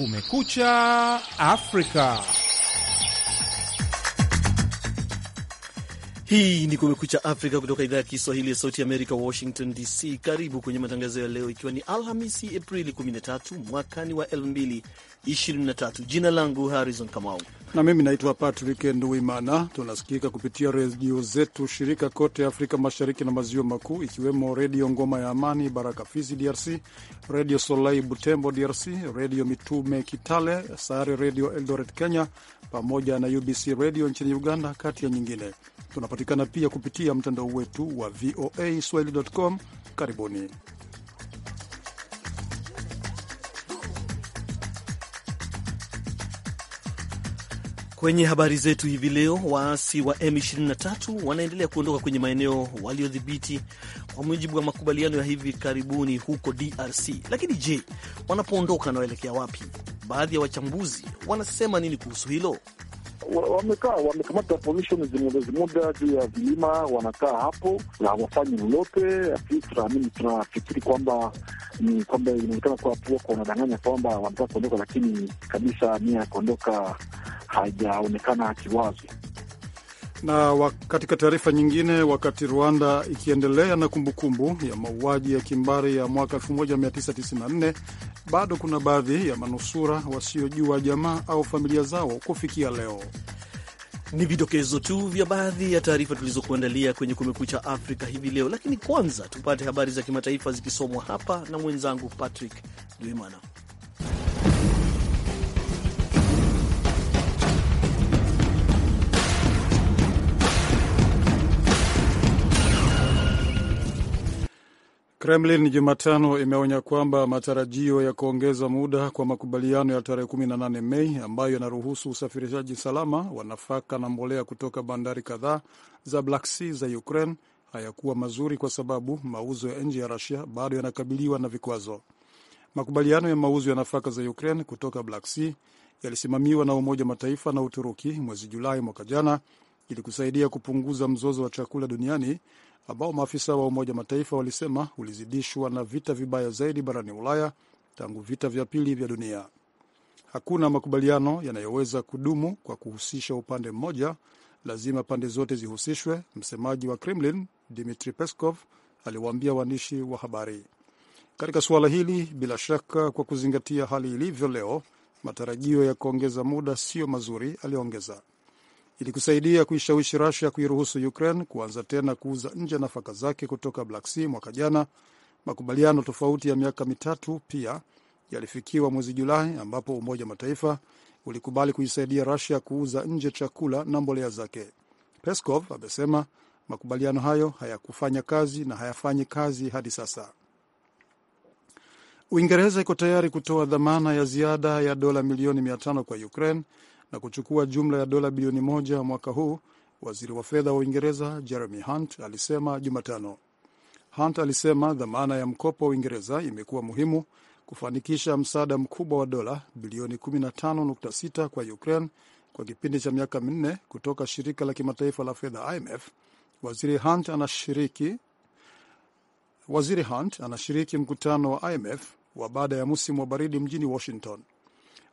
Kumekucha Afrika. Hii ni Kumekucha Afrika kutoka idhaa ya Kiswahili ya Sauti Amerika, Washington DC. Karibu kwenye matangazo ya leo, ikiwa ni Alhamisi Aprili 13 mwakani wa 2023. Jina langu Harrison Kamau na mimi naitwa Patrick Nduimana. Tunasikika kupitia redio zetu shirika kote Afrika Mashariki na Maziwa Makuu, ikiwemo Redio Ngoma ya Amani Baraka Fizi DRC, Redio Solai Butembo DRC, Redio Mitume Kitale, Sare Redio Eldoret Kenya, pamoja na UBC Radio nchini Uganda, kati ya nyingine. Tunapatikana pia kupitia mtandao wetu wa VOA swahili.com. Karibuni. Kwenye habari zetu hivi leo, waasi wa M23 wanaendelea kuondoka kwenye maeneo waliodhibiti kwa mujibu wa makubaliano ya hivi karibuni huko DRC. Lakini je, wanapoondoka wanaelekea wapi? Baadhi ya wachambuzi wanasema nini kuhusu hilo? wamekaa wamekamata position zimoja juu ya vilima, wanakaa hapo na wafanyi lolote. Tunaamini, tunafikiri kwamba ni kwamba inaonekana kuwa wanadanganya kwamba wanataka kuondoka, lakini kabisa nia ya kuondoka haijaonekana kiwazi. Na katika taarifa nyingine, wakati Rwanda ikiendelea na kumbukumbu kumbu ya mauaji ya kimbari ya mwaka 1994 bado kuna baadhi ya manusura wasiojua jamaa au familia zao kufikia leo. Ni vidokezo tu vya baadhi ya taarifa tulizokuandalia kwenye Kumekucha Afrika hivi leo, lakini kwanza tupate habari za kimataifa zikisomwa hapa na mwenzangu Patrick Duimana. Kremlin Jumatano imeonya kwamba matarajio ya kuongeza muda kwa makubaliano ya tarehe 18 Mei ambayo yanaruhusu usafirishaji salama wa nafaka na mbolea kutoka bandari kadhaa za Black Sea za Ukraine hayakuwa mazuri kwa sababu mauzo ya nje ya rusia bado yanakabiliwa na vikwazo. Makubaliano ya mauzo ya nafaka za Ukraine kutoka Black Sea yalisimamiwa na Umoja Mataifa na Uturuki mwezi Julai mwaka jana ili kusaidia kupunguza mzozo wa chakula duniani ambao maafisa wa Umoja Mataifa walisema ulizidishwa na vita vibaya zaidi barani Ulaya tangu vita vya pili vya dunia. Hakuna makubaliano yanayoweza kudumu kwa kuhusisha upande mmoja, lazima pande zote zihusishwe, msemaji wa Kremlin Dmitri Peskov aliwaambia waandishi wa habari. Katika suala hili, bila shaka, kwa kuzingatia hali ilivyo leo, matarajio ya kuongeza muda siyo mazuri, aliongeza ili kusaidia kuishawishi rasia kuiruhusu Ukraine kuanza tena kuuza nje nafaka zake kutoka Black Sea mwaka jana. Makubaliano tofauti ya miaka mitatu pia yalifikiwa mwezi Julai, ambapo Umoja wa Mataifa ulikubali kuisaidia rasia kuuza nje chakula na mbolea zake. Peskov amesema makubaliano hayo hayakufanya kazi na hayafanyi kazi hadi sasa. Uingereza iko tayari kutoa dhamana ya ziada ya dola milioni tano kwa Ukraine na kuchukua jumla ya dola bilioni moja mwaka huu, waziri wa fedha wa Uingereza Jeremy Hunt alisema Jumatano. Hunt alisema dhamana ya mkopo wa Uingereza imekuwa muhimu kufanikisha msaada mkubwa wa dola bilioni 15.6 kwa Ukraine kwa kipindi cha miaka minne kutoka shirika la kimataifa la fedha IMF. Waziri Hunt anashiriki, waziri Hunt anashiriki mkutano wa IMF wa baada ya msimu wa baridi mjini Washington.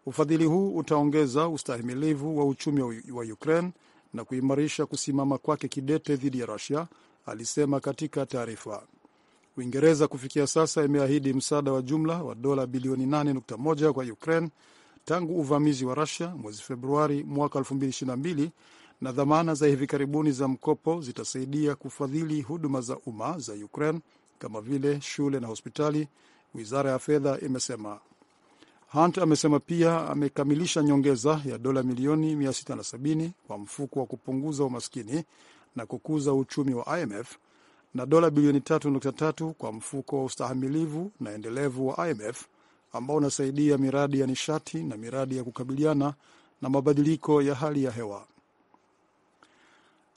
Ufadhili huu utaongeza ustahimilivu wa uchumi wa Ukraine na kuimarisha kusimama kwake kidete dhidi ya Rusia, alisema katika taarifa. Uingereza kufikia sasa imeahidi msaada wa jumla wa dola bilioni 8.1 kwa Ukraine tangu uvamizi wa Rusia mwezi Februari mwaka 2022 na dhamana za hivi karibuni za mkopo zitasaidia kufadhili huduma za umma za Ukraine kama vile shule na hospitali, wizara ya fedha imesema. Hunt amesema pia amekamilisha nyongeza ya dola milioni 670 kwa mfuko wa kupunguza umaskini na kukuza uchumi wa IMF na dola bilioni 3.3 kwa mfuko wa ustahamilivu na endelevu wa IMF ambao unasaidia miradi ya nishati na miradi ya kukabiliana na mabadiliko ya hali ya hewa.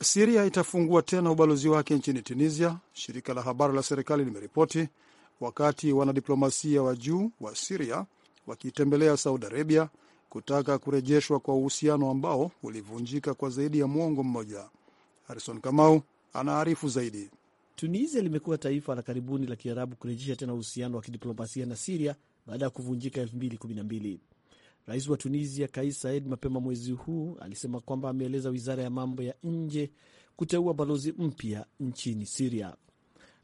Siria itafungua tena ubalozi wake nchini Tunisia, shirika la habari la serikali limeripoti, wakati wanadiplomasia wa juu wa Siria wakiitembelea Saudi Arabia kutaka kurejeshwa kwa uhusiano ambao ulivunjika kwa zaidi ya mwongo mmoja. Harison Kamau anaarifu zaidi. Tunisia limekuwa taifa la karibuni la Kiarabu kurejesha tena uhusiano wa kidiplomasia na Siria baada ya kuvunjika 2012. Rais wa Tunisia Kais Saied mapema mwezi huu alisema kwamba ameeleza wizara ya mambo ya nje kuteua balozi mpya nchini Siria.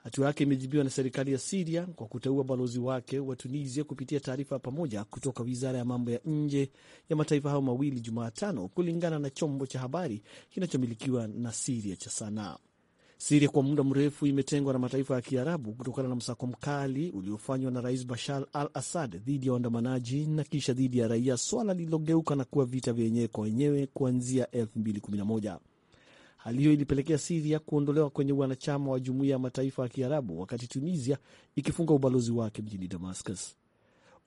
Hatua yake imejibiwa na serikali ya Siria kwa kuteua balozi wake wa Tunisia kupitia taarifa ya pamoja kutoka wizara ya mambo ya nje ya mataifa hayo mawili Jumatano, kulingana na chombo cha habari kinachomilikiwa na Siria cha Sanaa. Siria kwa muda mrefu imetengwa na mataifa ya Kiarabu kutokana na msako mkali uliofanywa na Rais Bashar al Assad dhidi ya waandamanaji na kisha dhidi ya raia, swala lililogeuka na kuwa vita vya wenyewe kwa wenyewe kuanzia 2011. Hali hiyo ilipelekea Siria kuondolewa kwenye wanachama wa Jumuiya ya Mataifa ya Kiarabu, wakati Tunisia ikifunga ubalozi wake mjini Damascus.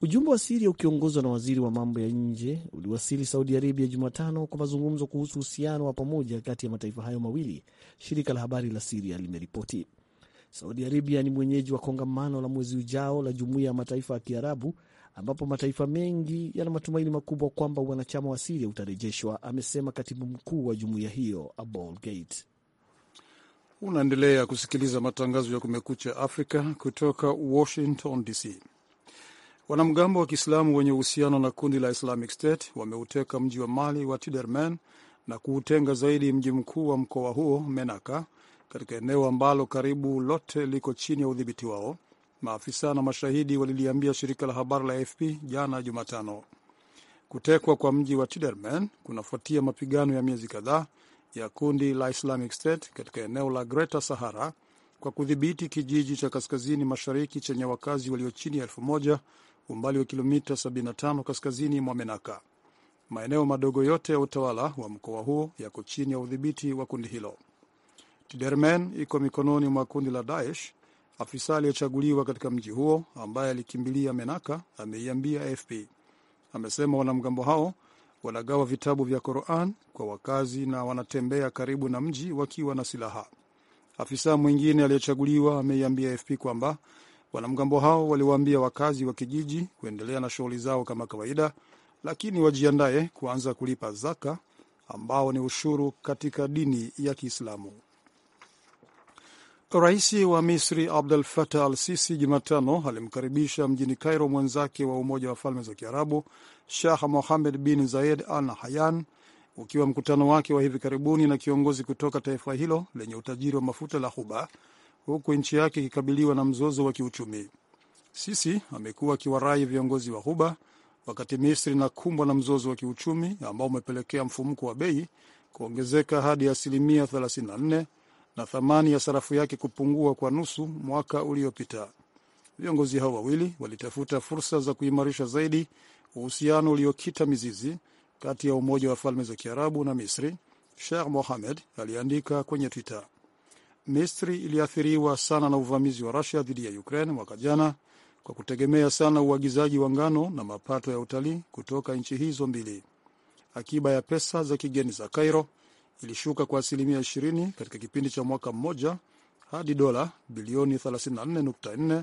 Ujumbe wa Siria ukiongozwa na waziri wa mambo ya nje uliwasili Saudi Arabia Jumatano kwa mazungumzo kuhusu uhusiano wa pamoja kati ya mataifa hayo mawili, shirika la habari la Siria limeripoti. Saudi Arabia ni mwenyeji wa kongamano la mwezi ujao la Jumuiya ya Mataifa ya Kiarabu ambapo mataifa mengi yana matumaini makubwa kwamba wanachama wa Siria utarejeshwa, amesema katibu mkuu wa jumuiya hiyo Abol Gate. Unaendelea kusikiliza matangazo ya Kumekucha Afrika kutoka Washington DC. Wanamgambo wa Kiislamu wenye uhusiano na kundi la Islamic State wameuteka mji wa Mali wa Tiderman na kuutenga zaidi mji mkuu wa mkoa huo Menaka, katika eneo ambalo karibu lote liko chini ya udhibiti wao, maafisa na mashahidi waliliambia shirika la habari la AFP jana Jumatano. Kutekwa kwa mji wa Tiderman kunafuatia mapigano ya miezi kadhaa ya kundi la Islamic State katika eneo la Greater Sahara kwa kudhibiti kijiji cha kaskazini mashariki chenye wakazi walio chini ya elfu moja umbali wa kilomita 75 kaskazini mwa Menaka. Maeneo madogo yote ya utawala wa mkoa huo yako chini ya udhibiti wa kundi hilo. Tiderman iko mikononi mwa kundi la Daesh Afisa aliyechaguliwa katika mji huo ambaye alikimbilia Menaka ameiambia AFP. Amesema wanamgambo hao wanagawa vitabu vya Qur'an kwa wakazi na wanatembea karibu na mji wakiwa na silaha. Afisa mwingine aliyechaguliwa ameiambia AFP kwamba wanamgambo hao waliwaambia wakazi wa kijiji kuendelea na shughuli zao kama kawaida, lakini wajiandaye kuanza kulipa zaka ambao ni ushuru katika dini ya Kiislamu. Rais wa Misri Abdel Fattah al Sisi Jumatano alimkaribisha mjini Cairo mwenzake wa Umoja wa Falme za Kiarabu Shah Mohamed bin Zayed Al Nahyan, ukiwa mkutano wake wa hivi karibuni na kiongozi kutoka taifa hilo lenye utajiri wa mafuta la Ghuba, huku nchi yake ikikabiliwa na mzozo wa kiuchumi. Sisi amekuwa akiwarai viongozi wa Ghuba wakati Misri inakumbwa na mzozo wa kiuchumi ambao umepelekea mfumuko wa bei kuongezeka hadi asilimia 34 na thamani ya sarafu yake kupungua kwa nusu mwaka uliopita. Viongozi hao wawili walitafuta fursa za kuimarisha zaidi uhusiano uliokita mizizi kati ya Umoja wa Falme za Kiarabu na Misri, Sheikh Mohamed aliandika kwenye Twitter. Misri iliathiriwa sana na uvamizi wa Rusia dhidi ya Ukraine mwaka jana kwa kutegemea sana uagizaji wa ngano na mapato ya utalii kutoka nchi hizo mbili. Akiba ya pesa za kigeni za Cairo ilishuka kwa asilimia 20 katika kipindi cha mwaka mmoja hadi dola bilioni 34.4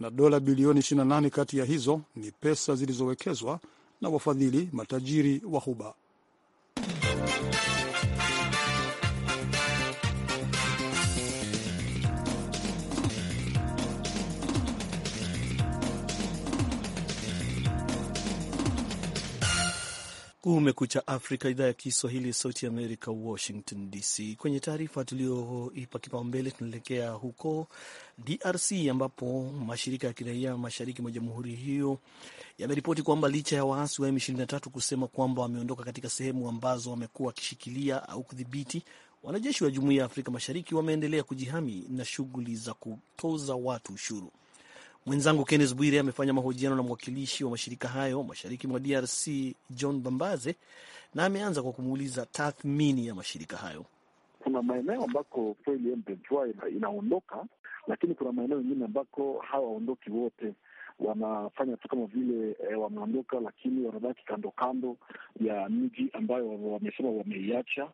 na dola bilioni 28 kati ya hizo ni pesa zilizowekezwa na wafadhili matajiri wa huba. Kumekucha Afrika, idhaa ya Kiswahili ya Sauti ya Amerika, Washington DC. Kwenye taarifa tulioipa kipaumbele, tunaelekea huko DRC ambapo mashirika ya kiraia mashariki mwa jamhuri hiyo yameripoti kwamba licha ya waasi wa M23 kusema kwamba wameondoka katika sehemu ambazo wamekuwa wakishikilia au kudhibiti, wanajeshi wa Jumuiya ya Afrika Mashariki wameendelea kujihami na shughuli za kutoza watu ushuru. Mwenzangu Kennes Bwire amefanya mahojiano na mwakilishi wa mashirika hayo mashariki mwa DRC John Bambaze, na ameanza kwa kumuuliza tathmini ya mashirika hayo. Kuna maeneo ambako kweli M23 inaondoka, lakini kuna maeneo mengine ambako hawaondoki wote wanafanya tu kama vile e, wameondoka lakini wanabaki kando kando ya mji ambayo wamesema wameiacha.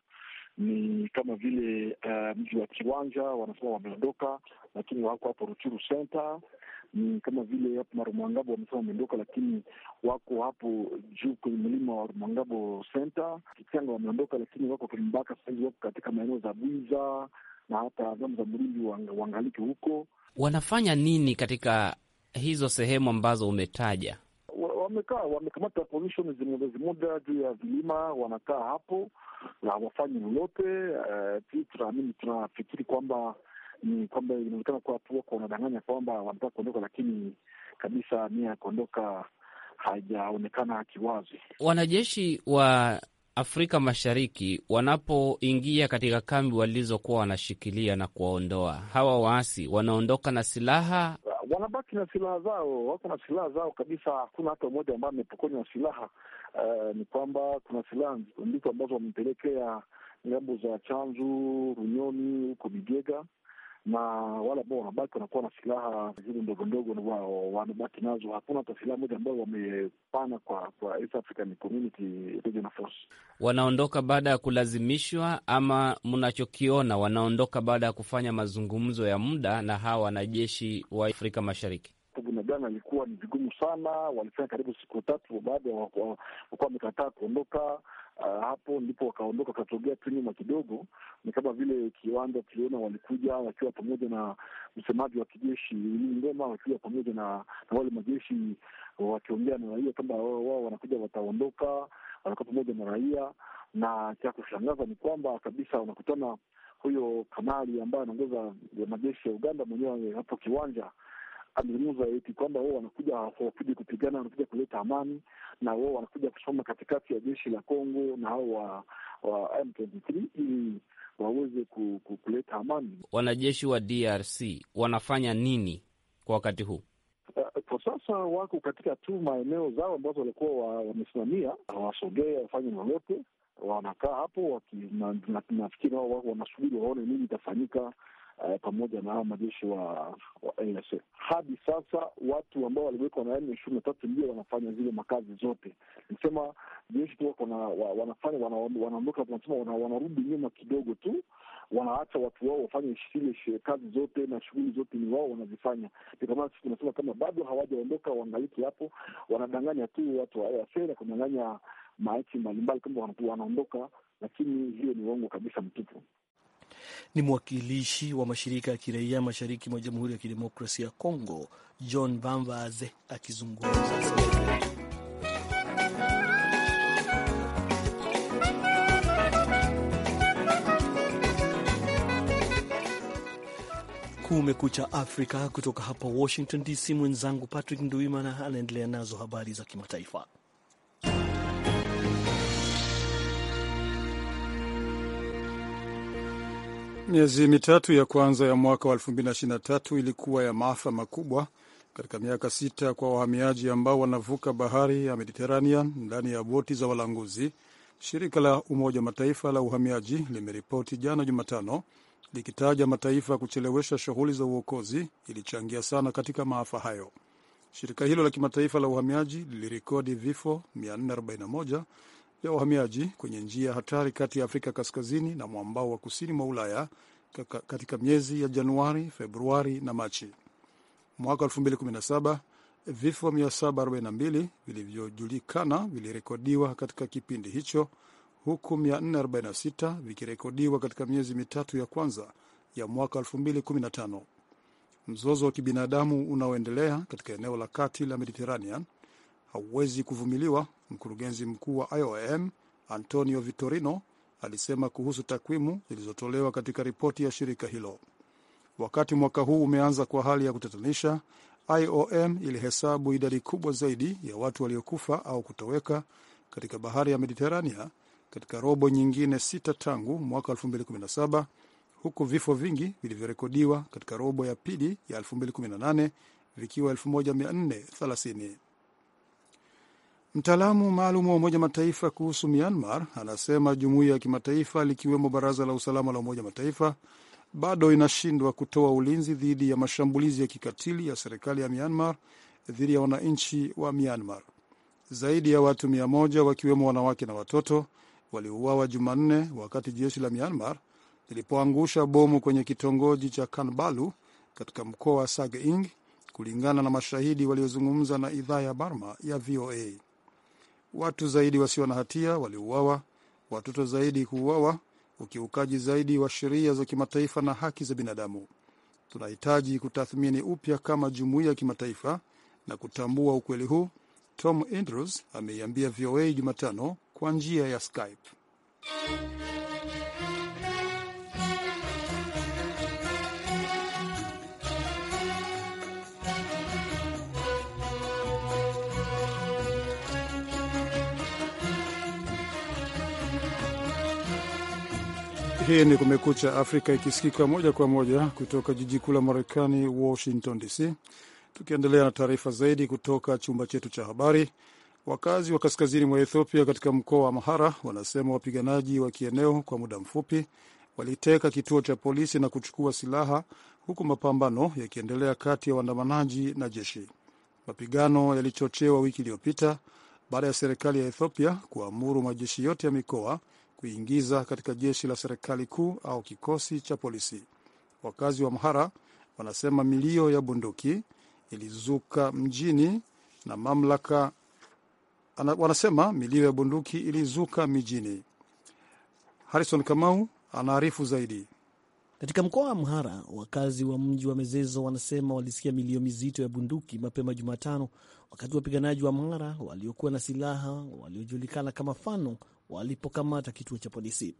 Ni kama vile uh, mji wa Kiwanja wanasema wameondoka, lakini wako hapo Ruchuru Center ni kama vile hapo Marumangabo wamesema wameondoka, lakini wako hapo juu kwenye mlima wa Rumangabo Center. kichanga wameondoka, lakini wako mbaka sahizi, wako katika maeneo za Bwiza na hata zamu za Mrindi uangalike huko. Wanafanya nini katika hizo sehemu ambazo umetaja? Wamekaa, wamekamata position zimoja juu ya vilima, wanakaa hapo na wafanyi lolote. Uh, tunaamini tunafikiri kwamba ni kwamba inaonekana kuwa wako wanadanganya kwamba wanataka kuondoka, lakini kabisa nia ya kuondoka haijaonekana kiwazi. Wanajeshi wa Afrika Mashariki wanapoingia katika kambi walizokuwa wanashikilia na kuwaondoa hawa waasi, wanaondoka na silaha, wanabaki na silaha zao, wako na silaha zao kabisa. Hakuna hata mmoja ambaye amepokonywa silaha. Uh, ni kwamba kuna silaha ndiko ambazo wamepelekea ngambo za Chanzu, Runyoni, huko Bigega na wale ambao wanabaki wanakuwa na silaha zile ndogo ndogo wanabaki nazo. Hakuna hata silaha moja ambayo wamepana kwa kwa East African Community Regional Force. Wanaondoka baada ya kulazimishwa, ama mnachokiona, wanaondoka baada ya kufanya mazungumzo ya muda na hawa wanajeshi wa Afrika Mashariki? Bunagana ilikuwa ni vigumu sana, walifanya karibu siku tatu, baada ya wakuwa wamekataa kuondoka Uh, hapo ndipo wakaondoka, wakatogea nyuma kidogo. Ni kama vile kiwanja tuliona walikuja wakiwa pamoja na msemaji wa kijeshi Willy Ngoma, wakiwa pamoja na, na wale majeshi wakiongea na raia kwamba wao wanakuja wataondoka, wanakuwa pamoja na raia. Na cha kushangaza ni kwamba kabisa wanakutana huyo kanali ambaye anaongoza majeshi ya Uganda mwenyewe hapo kiwanja amezungumza eti kwamba wao wanakuja hawakuja kupigana, wanakuja kuleta amani, na wao wanakuja kusoma katikati ya jeshi la Kongo na hao wa wa M23 ili waweze ku, ku, kuleta amani. Wanajeshi wa DRC wanafanya nini kwa wakati huu? Eh, kwa sasa wako katika tu maeneo zao ambazo walikuwa wamesimamia, hawasogee wafanye lolote, wanakaa hapo, nafikiri wao wanasubiri waone nini itafanyika eh, pamoja na hawa majeshi wa, wa Hadi sasa watu ambao waliwekwa na M ishirini na tatu ndio wanafanya zile makazi zote, Nisema jeshi tu wako na wanafanya wanaondoka, tunasema wanarudi nyuma kidogo tu, wanaacha watu wao wafanye zile kazi zote na shughuli zote ni wao wanazifanya. Ndio maana sisi tunasema kama bado hawajaondoka waangaliki hapo, wanadanganya tu watu wa AFC na kudanganya machi mbalimbali kwamba wanaondoka, lakini hiyo ni uongo kabisa mtupu ni mwakilishi wa mashirika ya kiraia mashariki mwa Jamhuri ya Kidemokrasia ya Kongo, John Bambaze akizungumza Kumekucha Afrika kutoka hapa Washington DC. Mwenzangu Patrick Nduimana anaendelea nazo habari za kimataifa. Miezi mitatu ya kwanza ya mwaka wa 2023 ilikuwa ya maafa makubwa katika miaka sita kwa wahamiaji ambao wanavuka bahari ya Mediterranean ndani ya boti za walanguzi. Shirika la Umoja wa Mataifa la uhamiaji limeripoti jana Jumatano likitaja mataifa kuchelewesha shughuli za uokozi ilichangia sana katika maafa hayo. Shirika hilo la kimataifa la uhamiaji lilirekodi vifo 441 ya wahamiaji kwenye njia hatari kati ya Afrika Kaskazini na mwambao wa kusini mwa Ulaya katika miezi ya Januari, Februari na Machi. Mwaka 2017 vifo 742 vilivyojulikana vilirekodiwa katika kipindi hicho, huku 446 vikirekodiwa katika miezi mitatu ya kwanza ya mwaka 2015. Mzozo wa kibinadamu unaoendelea katika eneo la kati la Mediterranean hauwezi kuvumiliwa, mkurugenzi mkuu wa IOM Antonio Vitorino alisema kuhusu takwimu zilizotolewa katika ripoti ya shirika hilo. Wakati mwaka huu umeanza kwa hali ya kutatanisha, IOM ilihesabu idadi kubwa zaidi ya watu waliokufa au kutoweka katika bahari ya Mediterania katika robo nyingine sita tangu mwaka 2017 huku vifo vingi vilivyorekodiwa katika robo ya pili ya 2018 vikiwa 1430. Mtaalamu maalum wa Umoja Mataifa kuhusu Myanmar anasema jumuiya ya kimataifa likiwemo Baraza la Usalama la Umoja Mataifa bado inashindwa kutoa ulinzi dhidi ya mashambulizi ya kikatili ya serikali ya Myanmar dhidi ya wananchi wa Myanmar. Zaidi ya watu mia moja wakiwemo wanawake na watoto waliouawa Jumanne wakati jeshi la Myanmar lilipoangusha bomu kwenye kitongoji cha Kanbalu katika mkoa wa Sagaing, kulingana na mashahidi waliozungumza na idhaa ya barma ya VOA. Watu zaidi wasio na hatia waliuawa, watoto zaidi kuuawa, ukiukaji zaidi wa sheria za kimataifa na haki za binadamu. Tunahitaji kutathmini upya kama jumuiya ya kimataifa na kutambua ukweli huu, Tom Andrews ameiambia VOA Jumatano kwa njia ya Skype. Hii ni Kumekucha Afrika ikisikika moja kwa moja kutoka jiji kuu la Marekani, Washington DC. Tukiendelea na taarifa zaidi kutoka chumba chetu cha habari, wakazi wa kaskazini mwa Ethiopia katika mkoa wa Amhara wanasema wapiganaji wa kieneo kwa muda mfupi waliteka kituo cha polisi na kuchukua silaha, huku mapambano yakiendelea kati ya waandamanaji na jeshi. Mapigano yalichochewa wiki iliyopita baada ya serikali ya Ethiopia kuamuru majeshi yote ya mikoa kuingiza katika jeshi la serikali kuu au kikosi cha polisi. Wakazi wa Mhara wanasema milio ya bunduki ilizuka mjini na mamlaka wanasema milio ya bunduki ilizuka mijini. Harrison Kamau anaarifu zaidi. Katika mkoa wa Mhara, wakazi wa mji wa Mezezo wanasema walisikia milio mizito ya bunduki mapema Jumatano, wakati wapiganaji wa Mhara waliokuwa na silaha waliojulikana kama Fano walipokamata kituo cha polisi.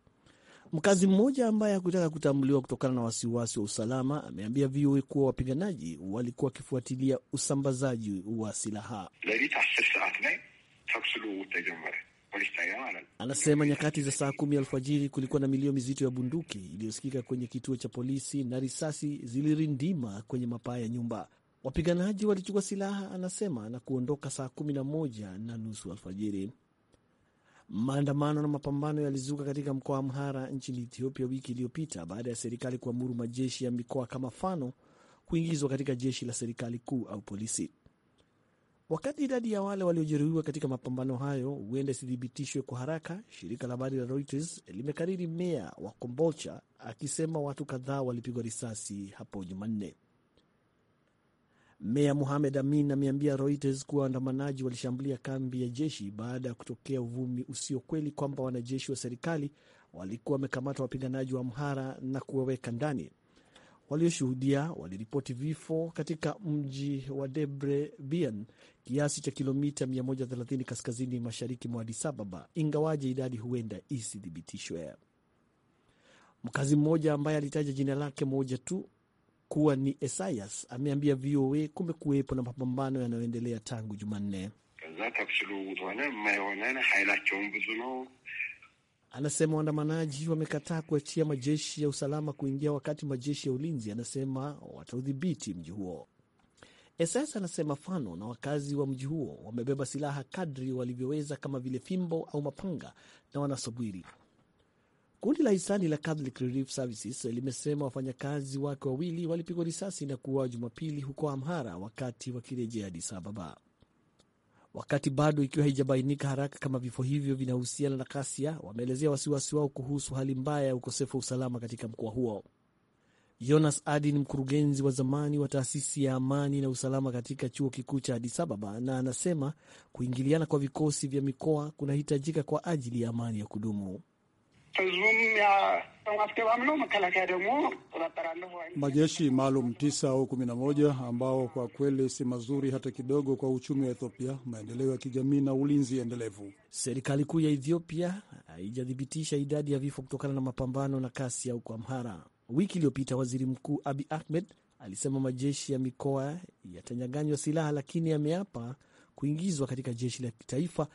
Mkazi mmoja ambaye hakutaka kutambuliwa kutokana na wasiwasi wa usalama ameambia VOA kuwa wapiganaji walikuwa wakifuatilia usambazaji wa silaha. Anasema nyakati za saa kumi alfajiri kulikuwa na milio mizito ya bunduki iliyosikika kwenye kituo cha polisi na risasi zilirindima kwenye mapaa ya nyumba. Wapiganaji walichukua silaha, anasema, na kuondoka saa kumi na moja na nusu alfajiri. Maandamano na mapambano yalizuka katika mkoa wa Amhara nchini Ethiopia wiki iliyopita baada ya serikali kuamuru majeshi ya mikoa kama Fano kuingizwa katika jeshi la serikali kuu au polisi. Wakati idadi ya wale waliojeruhiwa katika mapambano hayo huenda isithibitishwe kwa haraka, shirika la habari la Reuters limekariri meya wa Kombolcha akisema watu kadhaa walipigwa risasi hapo Jumanne. Meya muhamed Amin ameambia Reuters kuwa waandamanaji walishambulia kambi ya jeshi baada ya kutokea uvumi usio kweli kwamba wanajeshi wa serikali walikuwa wamekamata wapiganaji wa Mhara na kuwaweka ndani. Walioshuhudia waliripoti vifo katika mji wa Debre Bian, kiasi cha kilomita 130 kaskazini mashariki mwa Adis Ababa, ingawaje idadi huenda isithibitishwe. Mkazi mmoja ambaye alitaja jina lake moja tu kuwa ni Esayas ameambia VOA kumekuwepo na mapambano yanayoendelea tangu Jumanne. Anasema waandamanaji wamekataa kuachia majeshi ya usalama kuingia, wakati majeshi ya ulinzi anasema wataudhibiti mji huo. Esayas anasema Fano na wakazi wa mji huo wamebeba silaha kadri walivyoweza, kama vile fimbo au mapanga na wanasubiri Kundi la hisani la Catholic Relief Services limesema wafanyakazi wake wawili walipigwa risasi na kuuawa Jumapili huko Amhara wakati wakirejea Addis Ababa, wakati bado ikiwa haijabainika haraka kama vifo hivyo vinahusiana na ghasia. Wameelezea wasiwasi wao kuhusu hali mbaya ya ukosefu wa usalama katika mkoa huo. Jonas Adi ni mkurugenzi wa zamani wa taasisi ya amani na usalama katika chuo kikuu cha Addis Ababa, na anasema kuingiliana kwa vikosi vya mikoa kunahitajika kwa ajili ya amani ya kudumu. Majeshi maalum tisa au kumi na moja ambao kwa kweli si mazuri hata kidogo kwa uchumi wa Ethiopia, maendeleo ya kijamii na ulinzi endelevu. Serikali kuu ya Ethiopia haijathibitisha idadi ya vifo kutokana na mapambano na kasi ya uko Amhara. Wiki iliyopita waziri mkuu Abi Ahmed alisema majeshi ya mikoa yatanyaganywa silaha, lakini yameapa kuingizwa katika jeshi la kitaifa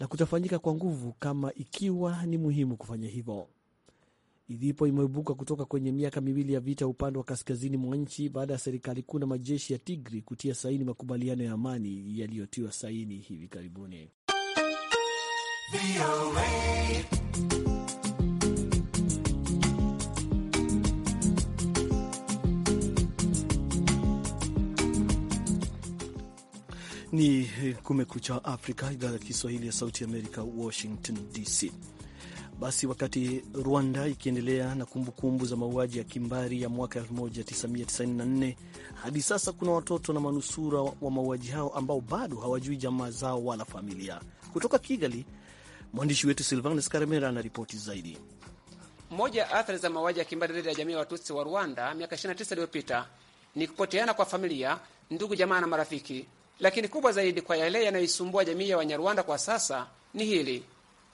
na kutafanyika kwa nguvu kama ikiwa ni muhimu kufanya hivyo. Idhipo imeibuka kutoka kwenye miaka miwili ya vita upande wa kaskazini mwa nchi baada ya serikali kuu na majeshi ya Tigri kutia saini makubaliano ya amani yaliyotiwa saini hivi karibuni. Ni Kumekucha Afrika, idhaa ya Kiswahili ya Sauti Amerika, Washington DC. Basi wakati Rwanda ikiendelea na kumbukumbu kumbu za mauaji ya kimbari ya mwaka 1994 hadi sasa, kuna watoto na manusura wa mauaji hao ambao bado hawajui jamaa zao wala familia. Kutoka Kigali, mwandishi wetu Silvanus Karemera anaripoti zaidi. Moja ya athari za mauaji ya kimbari dhidi ya jamii ya Watutsi wa Rwanda miaka 29 iliyopita ni kupoteana kwa familia, ndugu, jamaa na marafiki lakini kubwa zaidi kwa yale yanayoisumbua jamii ya Wanyarwanda kwa sasa ni hili: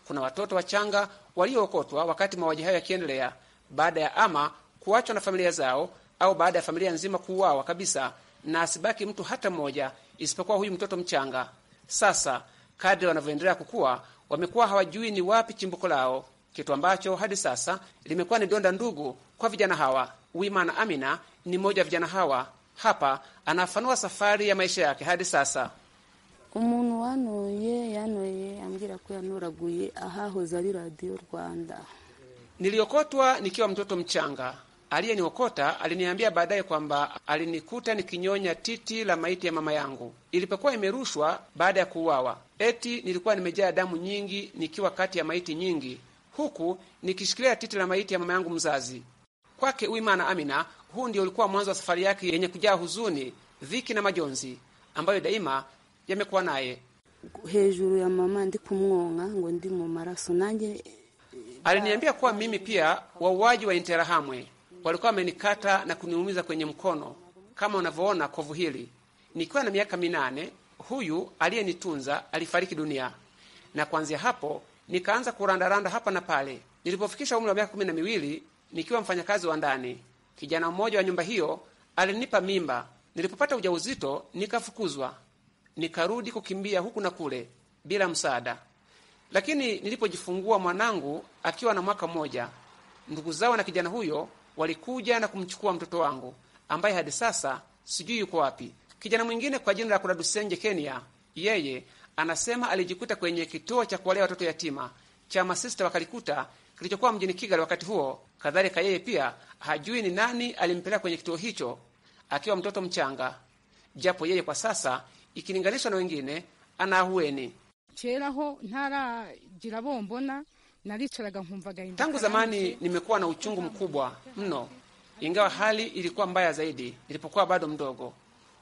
kuna watoto wachanga waliookotwa wakati mauaji hayo yakiendelea, baada ya ama kuachwa na familia zao au baada ya familia nzima kuuawa kabisa na asibaki mtu hata mmoja isipokuwa huyu mtoto mchanga. Sasa kadri wanavyoendelea kukua, wamekuwa hawajui ni wapi chimbuko lao, kitu ambacho hadi sasa limekuwa ni donda ndugu kwa vijana hawa. Wimana Amina ni mmoja wa vijana hawa hapa anafanua safari ya maisha yake hadi sasa. umuntu wanoye yanoye ambwira ko yanuraguye ahahoze ari radiyo Rwanda. Niliokotwa nikiwa mtoto mchanga. Aliyeniokota aliniambia baadaye kwamba alinikuta nikinyonya titi la maiti ya mama yangu ilipokuwa imerushwa baada ya kuuawa. Eti nilikuwa nimejaa damu nyingi nikiwa kati ya maiti nyingi, huku nikishikilia titi la maiti ya mama yangu mzazi. Kwake Uimana Amina, huu ndio ulikuwa mwanzo wa safari yake yenye kujaa huzuni, dhiki na majonzi ambayo daima yamekuwa naye. Hejuru ya mama ndi kumwonga ngo ndi mu maraso nanje. Eh, Aliniambia kuwa mimi pia wauaji wa Interahamwe walikuwa wamenikata na kuniumiza kwenye mkono kama unavyoona kovu hili. Nikiwa na miaka minane, huyu aliyenitunza alifariki dunia, na kuanzia hapo nikaanza kurandaranda hapa na pale. Nilipofikisha umri wa miaka kumi na miwili nikiwa mfanyakazi wa ndani. Kijana mmoja wa nyumba hiyo alinipa mimba. Nilipopata ujauzito nikafukuzwa, nikarudi kukimbia huku na kule bila msaada. Lakini nilipojifungua mwanangu akiwa na mwaka mmoja, ndugu zao na kijana huyo walikuja na kumchukua mtoto wangu ambaye hadi sasa sijui yuko wapi. Kijana mwingine kwa jina la kuradusenje Kenya, yeye anasema alijikuta kwenye kituo cha kuwalea watoto yatima cha masista wa Kalikuta kilichokuwa mjini Kigali wakati huo Kadhalika yeye pia hajui ni nani alimpeleka kwenye kituo hicho akiwa mtoto mchanga, japo yeye kwa sasa ikilinganishwa na wengine ana ahueni. Tangu zamani nimekuwa na uchungu mkubwa mno, ingawa hali ilikuwa mbaya zaidi nilipokuwa bado mdogo.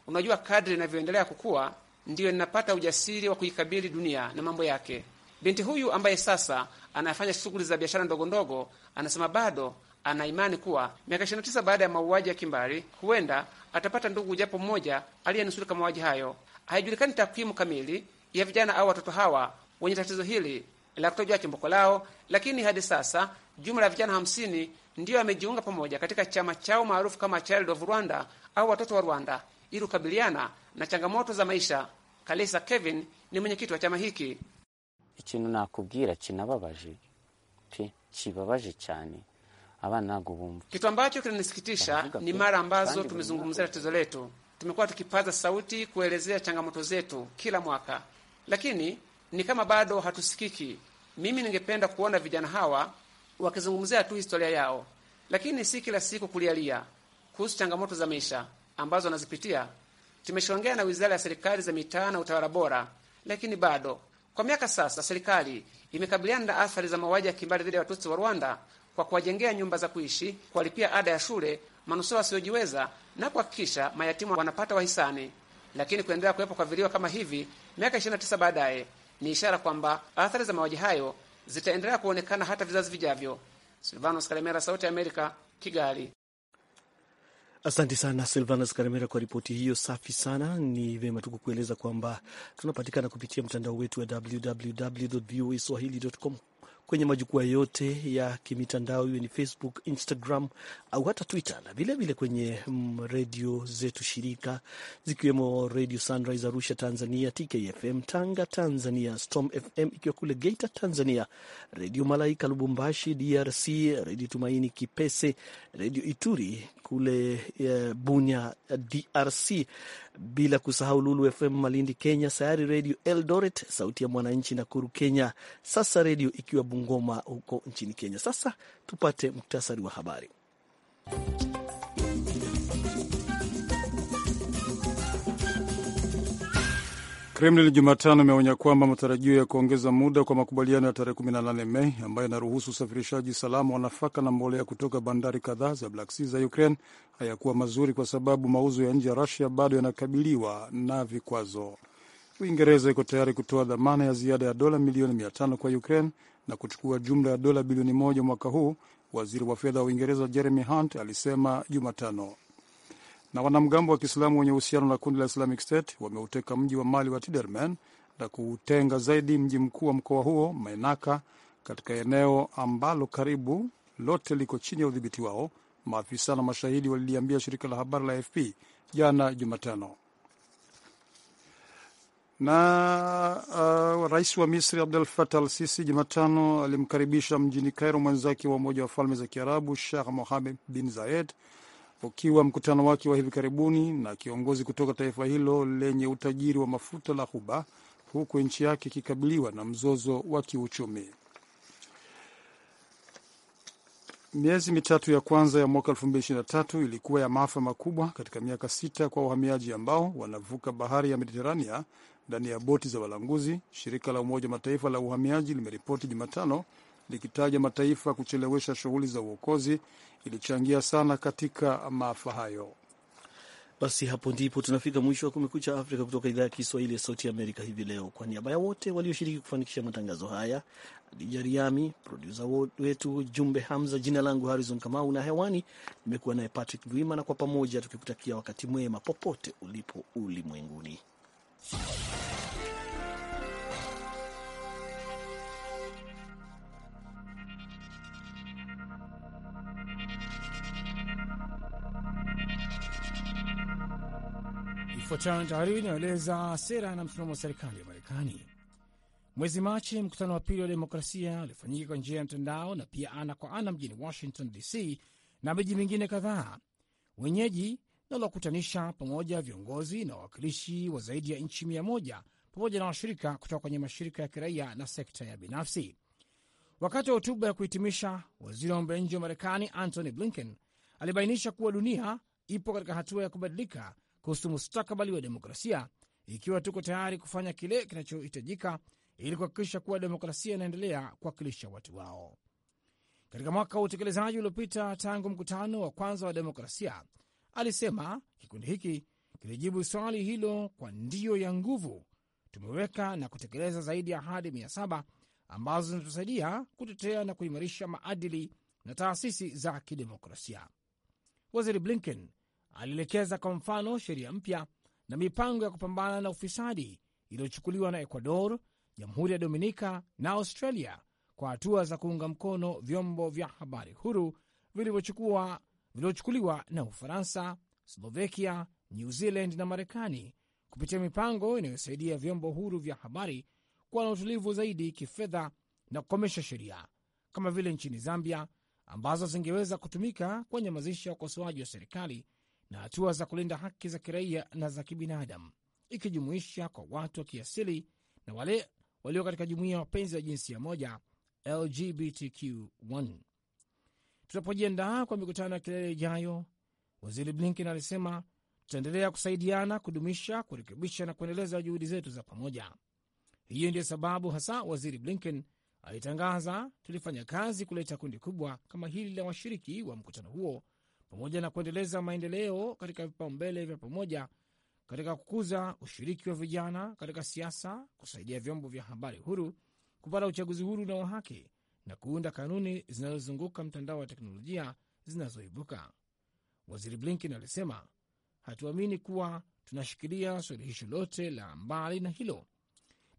Unajua, kadri inavyoendelea kukua ndiyo ninapata ujasiri wa kuikabili dunia na mambo yake. Binti huyu ambaye sasa anafanya shughuli za biashara ndogo ndogo, anasema bado ana imani kuwa miaka tisa baada ya mauaji ya kimbari huenda atapata ndugu japo mmoja aliyenusurika mauaji hayo. Haijulikani takwimu kamili ya vijana au watoto hawa wenye tatizo hili la kutojua chimbuko lao, lakini hadi sasa jumla ya vijana hamsini ndiyo amejiunga pamoja katika chama chao maarufu kama Child of Rwanda au watoto wa Rwanda ili kukabiliana na changamoto za maisha. Kalisa Kevin ni mwenyekiti wa chama hiki ikintu nakubwira kinababaje pe kibabaje cyane abana ntabwo bumva. Kitu ambacho kinanisikitisha ni mara ambazo tumezungumzia tatizo letu, tumekuwa tukipaza sauti kuelezea changamoto zetu kila mwaka, lakini ni kama bado hatusikiki. Mimi ningependa kuona vijana hawa wakizungumzia tu historia yao, lakini si kila siku kulialia kuhusu changamoto za maisha ambazo wanazipitia. tumeshongea na wizara ya serikali za mitaa na utawala bora, lakini bado kwa miaka sasa, serikali imekabiliana na athari za mauaji ya kimbari dhidi ya Watutsi wa Rwanda kwa kuwajengea nyumba za kuishi, kuwalipia ada ya shule manusura wasiojiweza na kuhakikisha mayatima wanapata wahisani. Lakini kuendelea kuwepo kwa viliwa kama hivi miaka 29 baadaye ni ishara kwamba athari za mauaji hayo zitaendelea kuonekana hata vizazi vijavyo. Silvanos Kalemera, Sauti ya Amerika, Kigali. Asante sana Silvanus Karemera kwa ripoti hiyo safi sana. Ni vema tu kukueleza kwamba tunapatikana kupitia mtandao wetu wa www voa swahili com kwenye majukwaa yote ya kimitandao, iwe ni Facebook, Instagram au hata Twitter, na vilevile kwenye mm, redio zetu shirika zikiwemo Redio Sunrise Arusha Tanzania, TKFM Tanga Tanzania, Storm FM ikiwa kule Geita Tanzania, Redio Malaika Lubumbashi DRC, Redio Tumaini Kipese, Redio Ituri kule eh, Bunya DRC, bila kusahau Lulu FM Malindi Kenya, Sayari Redio Eldoret, Sauti ya Mwananchi Nakuru Kenya, Sasa Redio ikiwa Bungoma huko nchini Kenya. Sasa tupate muktasari wa habari. Kremlin Jumatano imeonya kwamba matarajio ya kuongeza muda kwa makubaliano ya tarehe 18 Mei ambayo inaruhusu usafirishaji salama wa nafaka na mbolea kutoka bandari kadhaa za Black Sea za Ukraine hayakuwa mazuri kwa sababu mauzo ya nje ya Rusia bado yanakabiliwa na vikwazo. Uingereza iko tayari kutoa dhamana ya ziada ya dola milioni 500 kwa Ukraine na kuchukua jumla ya dola bilioni moja mwaka huu, waziri wa fedha wa Uingereza Jeremy Hunt alisema Jumatano na wanamgambo wa Kiislamu wenye uhusiano na kundi la Islamic State wameuteka mji wa Mali wa Tiderman na kuutenga zaidi mji mkuu wa mkoa huo mainaka katika eneo ambalo karibu lote liko chini ya udhibiti wao, maafisa na mashahidi waliliambia shirika la habari la AFP jana Jumatano. Na uh, rais wa Misri Abdel Fattah al Sisi Jumatano alimkaribisha mjini Kairo mwenzake wa Umoja wa Falme za Kiarabu Sheikh Mohammed bin Zayed ukiwa mkutano wake wa hivi karibuni na kiongozi kutoka taifa hilo lenye utajiri wa mafuta la Ghuba, huku nchi yake ikikabiliwa na mzozo wa kiuchumi. Miezi mitatu ya kwanza ya mwaka 2023 ilikuwa ya maafa makubwa katika miaka sita kwa wahamiaji ambao wanavuka bahari ya Mediterania ndani ya boti za walanguzi, shirika la Umoja Mataifa la uhamiaji limeripoti Jumatano likitaja mataifa kuchelewesha shughuli za uokozi ilichangia sana katika maafa hayo. Basi hapo ndipo tunafika mwisho wa Kumekucha Afrika kutoka idhaa ya Kiswahili ya Sauti Amerika hivi leo. Kwa niaba ya wote walioshiriki kufanikisha matangazo haya, Adija Riami, produsa wetu Jumbe Hamza, jina langu harizon Kamau na hewani nimekuwa naye Patrick dwimana na kwa pamoja tukikutakia wakati mwema popote ulipo ulimwenguni. Ifuatayo na tahariri inayoeleza sera na msimamo wa serikali ya Marekani. Mwezi Machi, mkutano wa pili wa demokrasia ulifanyika kwa njia ya mtandao na pia ana kwa ana mjini Washington DC na miji mingine kadhaa. Wenyeji nalokutanisha pamoja viongozi na wawakilishi wa zaidi ya nchi mia moja pamoja na washirika kutoka kwenye mashirika ya kiraia na sekta ya binafsi. Wakati wa hotuba ya kuhitimisha, waziri wa mambo ya nje wa Marekani Antony Blinken alibainisha kuwa dunia ipo katika hatua ya kubadilika kuhusu mustakabali wa demokrasia, ikiwa tuko tayari kufanya kile kinachohitajika ili kuhakikisha kuwa demokrasia inaendelea kuwakilisha watu wao. Katika mwaka wa utekelezaji uliopita tangu mkutano wa kwanza wa demokrasia, alisema kikundi hiki kilijibu swali hilo kwa ndio ya nguvu. Tumeweka na kutekeleza zaidi ya ahadi mia saba ambazo zinatusaidia kutetea na kuimarisha maadili na taasisi za kidemokrasia. Waziri Blinken Alielekeza kwa mfano sheria mpya na mipango ya kupambana na ufisadi iliyochukuliwa na Ecuador, Jamhuri ya Dominika na Australia kwa hatua za kuunga mkono vyombo vya habari huru vilivyochukuliwa na Ufaransa, Slovakia, New Zealand na Marekani kupitia mipango inayosaidia vyombo huru vya habari kuwa na utulivu zaidi kifedha na kukomesha sheria kama vile nchini Zambia ambazo zingeweza kutumika mazishi ya ukosoaji wa serikali na hatua za kulinda haki za kiraia na za kibinadamu, ikijumuisha kwa watu wa kiasili na wale walio katika jumuiya ya wapenzi wa jinsia moja LGBTQ1. Tunapojiandaa kwa mikutano ya kilele ijayo, Waziri Blinken alisema tutaendelea kusaidiana kudumisha, kurekebisha na kuendeleza juhudi zetu za pamoja. Hiyo ndiyo sababu hasa Waziri Blinken alitangaza, tulifanya kazi kuleta kundi kubwa kama hili la washiriki wa mkutano huo pamoja na kuendeleza maendeleo katika vipaumbele vya pamoja katika kukuza ushiriki wa vijana katika siasa, kusaidia vyombo vya habari huru kupata uchaguzi huru na wa haki na kuunda kanuni zinazozunguka mtandao wa teknolojia zinazoibuka. Waziri Blinken alisema, hatuamini kuwa tunashikilia suluhisho lote la mbali na hilo,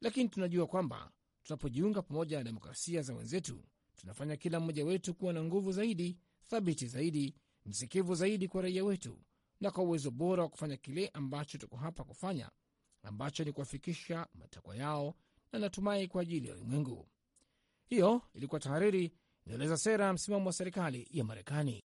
lakini tunajua kwamba tunapojiunga pamoja na demokrasia za wenzetu, tunafanya kila mmoja wetu kuwa na nguvu zaidi, thabiti zaidi msikivu zaidi kwa raia wetu na kwa uwezo bora wa kufanya kile ambacho tuko hapa kufanya, ambacho ni kuwafikisha matakwa yao na natumai kwa ajili ya ulimwengu. Hiyo ilikuwa tahariri inaeleza sera ya msimamo wa serikali ya Marekani.